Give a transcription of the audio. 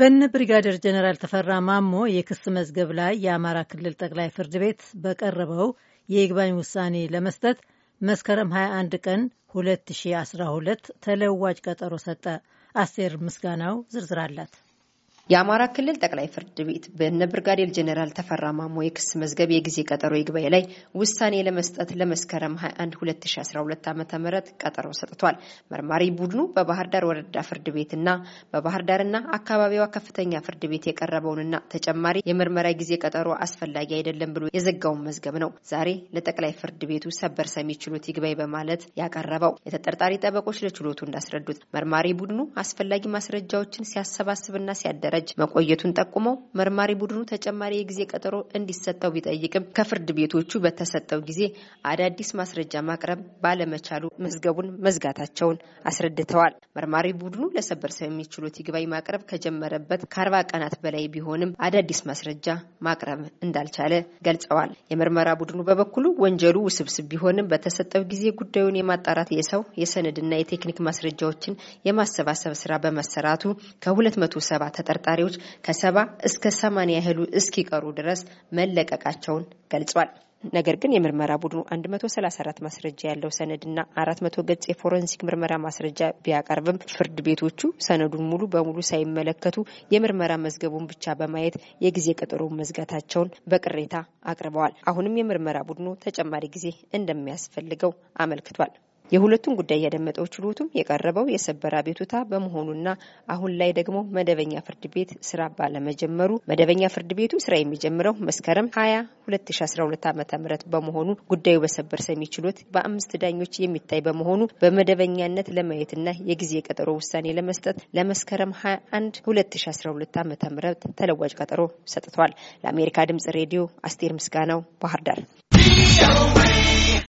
በነ ብሪጋደር ጀነራል ተፈራ ማሞ የክስ መዝገብ ላይ የአማራ ክልል ጠቅላይ ፍርድ ቤት በቀረበው የይግባኝ ውሳኔ ለመስጠት መስከረም 21 ቀን 2012 ተለዋጭ ቀጠሮ ሰጠ። አስቴር ምስጋናው ዝርዝር አላት። የአማራ ክልል ጠቅላይ ፍርድ ቤት በነ ብርጋዴር ጀኔራል ተፈራ ማሞ የክስ መዝገብ የጊዜ ቀጠሮ ይግባኝ ላይ ውሳኔ ለመስጠት ለመስከረም 21 2012 ዓ ም ቀጠሮ ሰጥቷል። መርማሪ ቡድኑ በባህር ዳር ወረዳ ፍርድ ቤትና በባህር ዳርና አካባቢዋ ከፍተኛ ፍርድ ቤት የቀረበውንና ተጨማሪ የምርመራ ጊዜ ቀጠሮ አስፈላጊ አይደለም ብሎ የዘጋውን መዝገብ ነው ዛሬ ለጠቅላይ ፍርድ ቤቱ ሰበር ሰሚ ችሎት ይግባኝ በማለት ያቀረበው። የተጠርጣሪ ጠበቆች ለችሎቱ እንዳስረዱት መርማሪ ቡድኑ አስፈላጊ ማስረጃዎችን ሲያሰባስብና ሲያደ ሲደረጅ መቆየቱን ጠቁመው መርማሪ ቡድኑ ተጨማሪ የጊዜ ቀጠሮ እንዲሰጠው ቢጠይቅም ከፍርድ ቤቶቹ በተሰጠው ጊዜ አዳዲስ ማስረጃ ማቅረብ ባለመቻሉ መዝገቡን መዝጋታቸውን አስረድተዋል። መርማሪ ቡድኑ ለሰበር ሰሚ ችሎት ይግባኝ ማቅረብ ከጀመረበት ከአርባ ቀናት በላይ ቢሆንም አዳዲስ ማስረጃ ማቅረብ እንዳልቻለ ገልጸዋል። የምርመራ ቡድኑ በበኩሉ ወንጀሉ ውስብስብ ቢሆንም በተሰጠው ጊዜ ጉዳዩን የማጣራት የሰው የሰነድና የቴክኒክ ማስረጃዎችን የማሰባሰብ ስራ በመሰራቱ ከ ሰባ ተጠርጣሪ ተጠርጣሪዎች ከሰባ እስከ ሰማንያ ያህሉ እስኪቀሩ ድረስ መለቀቃቸውን ገልጿል። ነገር ግን የምርመራ ቡድኑ 134 ማስረጃ ያለው ሰነድና 400 ገጽ የፎረንሲክ ምርመራ ማስረጃ ቢያቀርብም ፍርድ ቤቶቹ ሰነዱን ሙሉ በሙሉ ሳይመለከቱ የምርመራ መዝገቡን ብቻ በማየት የጊዜ ቀጠሮ መዝጋታቸውን በቅሬታ አቅርበዋል። አሁንም የምርመራ ቡድኑ ተጨማሪ ጊዜ እንደሚያስፈልገው አመልክቷል። የሁለቱን ጉዳይ ያደመጠው ችሎቱም የቀረበው የሰበር አቤቱታ በመሆኑና አሁን ላይ ደግሞ መደበኛ ፍርድ ቤት ስራ ባለመጀመሩ መደበኛ ፍርድ ቤቱ ስራ የሚጀምረው መስከረም 20 2012 ዓ.ም በመሆኑ ጉዳዩ በሰበር ሰሚ ችሎት በአምስት ዳኞች የሚታይ በመሆኑ በመደበኛነት ለማየትና የጊዜ ቀጠሮ ውሳኔ ለመስጠት ለመስከረም 21 2012 ዓ.ም ተለዋጭ ቀጠሮ ሰጥቷል። ለአሜሪካ ድምጽ ሬዲዮ አስቴር ምስጋናው ባህር ዳር